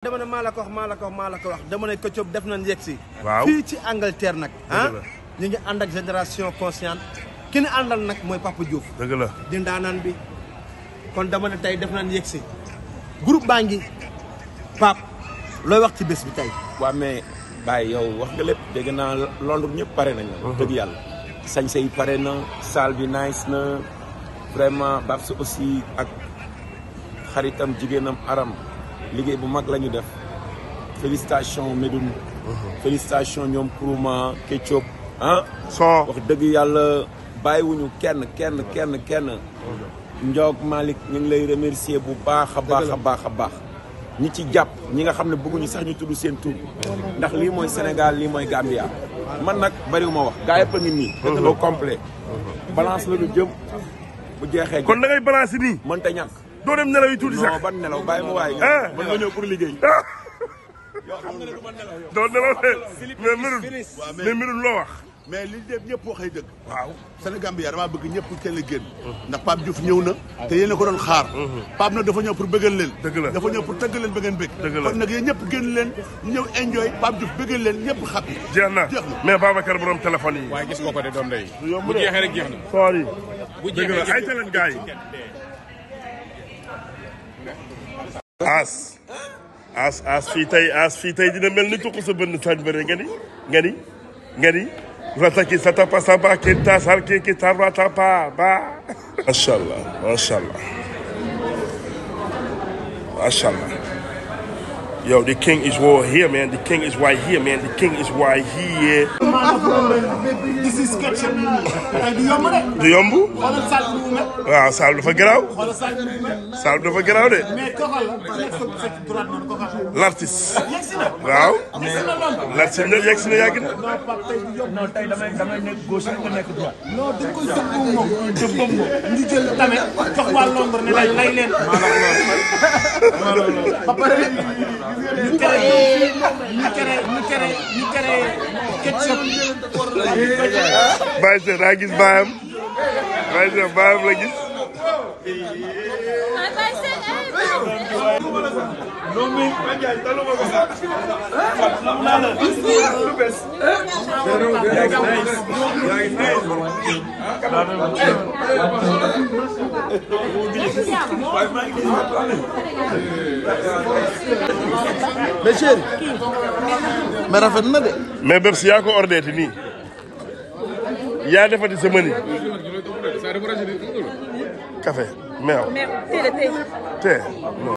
dama ne maa ko wax maa ko wax maa ko wax dama ne Ketchup def nañ yexi fi ci Angleterre nak ah ñu ngi and ak génération consciente. ki ne andal nak moy Papa Diouf. deug la di ndaanaan bi. kon dama ne tay def nañ yexi groupe bangi pap loy wax ci bes bi tay wa mais Baye yow wax nga lepp deug na londre Londres paré nañ la mhm. deug yalla sañ sey paré na salle bi nice na vraiment Babs aussi ak xaritam jigenam aram. liggéey bu mag lañu ñu def Félicitations, Médoune uh-huh. félicitations ñom Kourouma Kétiop hein so wax dëgg yalla bayiwuñu kenn kenn kenn kenn Ndiog malik ñu ngi lay remercier bu baaxa baaxa baaxa baax ñi ci japp ñi nga xam ne bëgguñu sax ñu tuddu seen tour ndax li moy Sénégal li moy Gambia man wu ma wax gaa yëpp a C'est uh-huh. le complet uh-huh. balance la ñu jëm bu jéxé kon da ngay balance man mënta ñak doo dem nelaw yi tuuti sax. non nelaw bàyyi ma waay. Eh. mën nga ñëw pour liggéey. yow xam nga ne du ma nelaw nelaw mais Medoune mais loo wax. mais li def ñëpp waxay dëgg. waaw Sénégal bi yaa damaa bëgg ñëpp teel a génn. ndax Pape Diouf ñëw na. te yéen a ko doon xaar. Pape na dafa ñëw pour bëggal leen. dëgg la dafa ñëw pour tëggal leen ba ngeen bëgg. dëgg la kon nag yéen ñëpp génn leen ñëw enjoy Pape Diouf bëggal leen ñëpp xam. jeex na mais Babacar borom téléphone yi. waaye gis nga ko de doom day. bu rek jeex na. sorry. bu jeexee as as as fii tey as fii tey dina mel ni tuq sa bënn sañ bëre nga ni nga ni nga ni rataki sa tapa sa ba ken ta sar ke ke tarwa tapa ba macha allah macha allah macha allah Yo, the king is right here, man. The king is right here, man. The king is right here. This is ketchup. Do yomb de? Do yomb? Xoolal saal bi mu mel. Let's see. Let's see, let's see, let's see, let's see. ñu tere ñu tere ñu tere ñu tere ketchup. Baye Seck daa gis baayam Baye Seck baayam la gis. non mais Mandiaye taloo ma ko sax. xam naa la lu bees. mais chéri mais rafet na de. mais bépp si yaa ko nii yaa defati sa mën café meew.